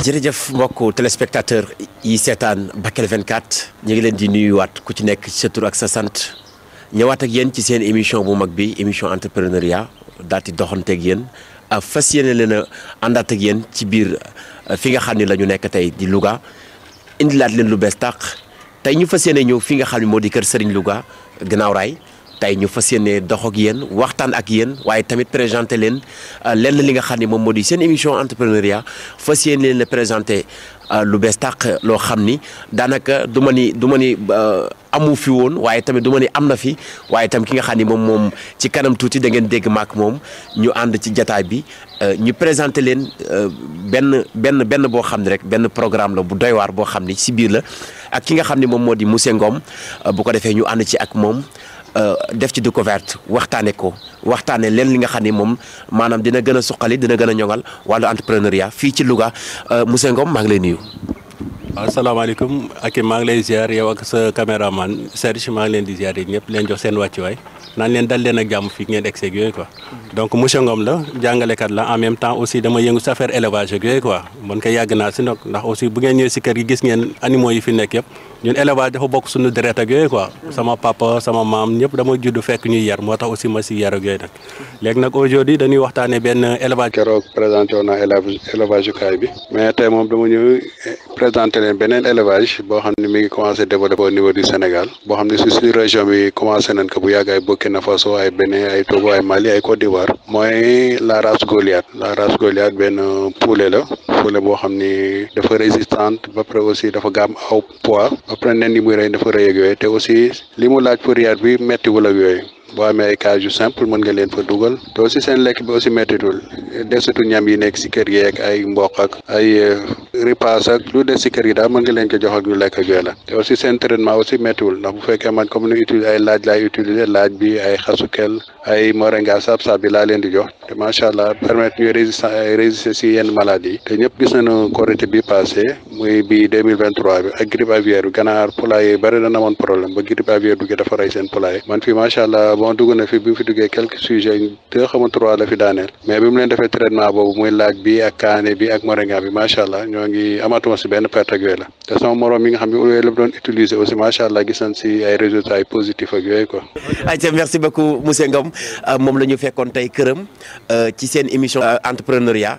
jërëjëf mbokk téléspectateur yi seetaan Bakel 24 ñu ngi leen di nuyuwaat ku ci nekk ci sa ak sa sant ñëwaat ak yéen ci seen émission bu mag bi émission entrepreneuriat daal di doxanteeg yéen fas yéene leen a àndaat ak yéen ci biir euh, fi nga xam ni lañu nekk tey di Louga indilaat leen lu bees tàq tey ñu fas yéene ñëw fi nga xam ne moo di kër Serigne Louga gannaaw raay tay ñu fassiyene dox ak yeen waxtaan ak yeen waye tamit présenté euh, len len li nga xamni ne modi moo seen émission entrepreneuriat fassiyene len leen présenté euh, lu bes tak lo xamni danaka duma ni duma ni euh, amu fi woon waaye tamit duma ni amna fi waye tam ki nga xamni mom mom ci kanam tuuti da ngeen dégg mak mom ñu and ci jotaay bi ñu présenter len ben ben ben bo xamni rek ben programme la bu doy war bo xamni ci biir la. ak ki nga xam ne moom moo di monsieur Ngom euh, bu ko defee ñu ànd ci ak moom euh, def ci découverte waxtaane ko waxtaane leen li nga xam ni moom maanaam dina gën a suqali dina gën a ñoŋal wàllu entrepreneuriat fii ci Louga euh, monsieur Ngom maa ngi lay nuyu. waaw ah, salaamaaleykum ak maa ngi lay ziar yow ak sa caméraman Serge maa ngi leen di ziar yi ñëpp leen jox seen wàcc wàccuwaay. naan leen dal leen ak jàmm fii ngeen egg seeg yooyu quoi. donc monsieur Ngom la jàngalekat la en même temps aussi dama yëngu sa affaire élevage ak yooyu quoi man yàgg naa si nag ndax aussi bu ngeen ñëwee si kër gi gis ngeen animaux yi fi nekk yëpp ñun élevage dafa bokk suñu deret ak yooyu quoi. sama papa sama maam ñëpp dama juddu fekk ñuy yar moo tax aussi ma si yar ak yooyu nag. léegi nag aujourd'hui dañuy waxtaanee benn élevage. keroog présenté woon naa élevage kaay bi. mais tey moom dama ñëw présenté leen beneen élevage boo xam ne mi ngi commencé développé au niveau du boo xam ne si suñu bi commencé nañ ko bu Burkina Faso ay Bénin ay Togo ay Mali ay Côte d'Ivoire mooy la race Goliath la race Goliath benn poule la poule boo xam ni dafa résistante ba pare aussi dafa gaam aw poids ba pare nen yi muy rey dafa rëy ak yooyu te aussi li mu laaj pour yaat bi méttiwul ak yooyu boo amee ay cage yu simple mën nga leen fa dugal te aussi seen lekk bi aussi méttitul desitu ñam yi nekk si kër gi ak ay mboq ak ay euh, ripaas ak lu des si kër gi daal mën nga leen ko jox ak ñu lekk ak la te aussi seen traitement aussi méttiwul ndax bu fekkee man comme ni utiliser ay laaj laay utiliser laaj bi ay xasukel ay moringa sab sab bi laa leen di jox te macha allah permettre ñu résistant résister si yenn maladies yi te ñëpp gis nañu korité bi passé muy bi deux mille vingt trois bi ak grippe aviaire bi seen poulailler man avant dugg na fi bi mu fi duggee quelques sujets deux xama trois la fi daaneel mais bi mu leen defee traitement boobu muy laaj bi ak kaane bi ak moringa bi macha allah ñoo ngi amatuma si benn perte ak yooyu la te sama morom mi nga xam ne yooyu la doon utiliser aussi macha allah gis nañ si ay résultats yu positifs ak yooyu quoi. ayca merci beaucoup monsieur Ngom euh, la fekkoon tey këram euh, ci seen émission euh, entrepreneuriat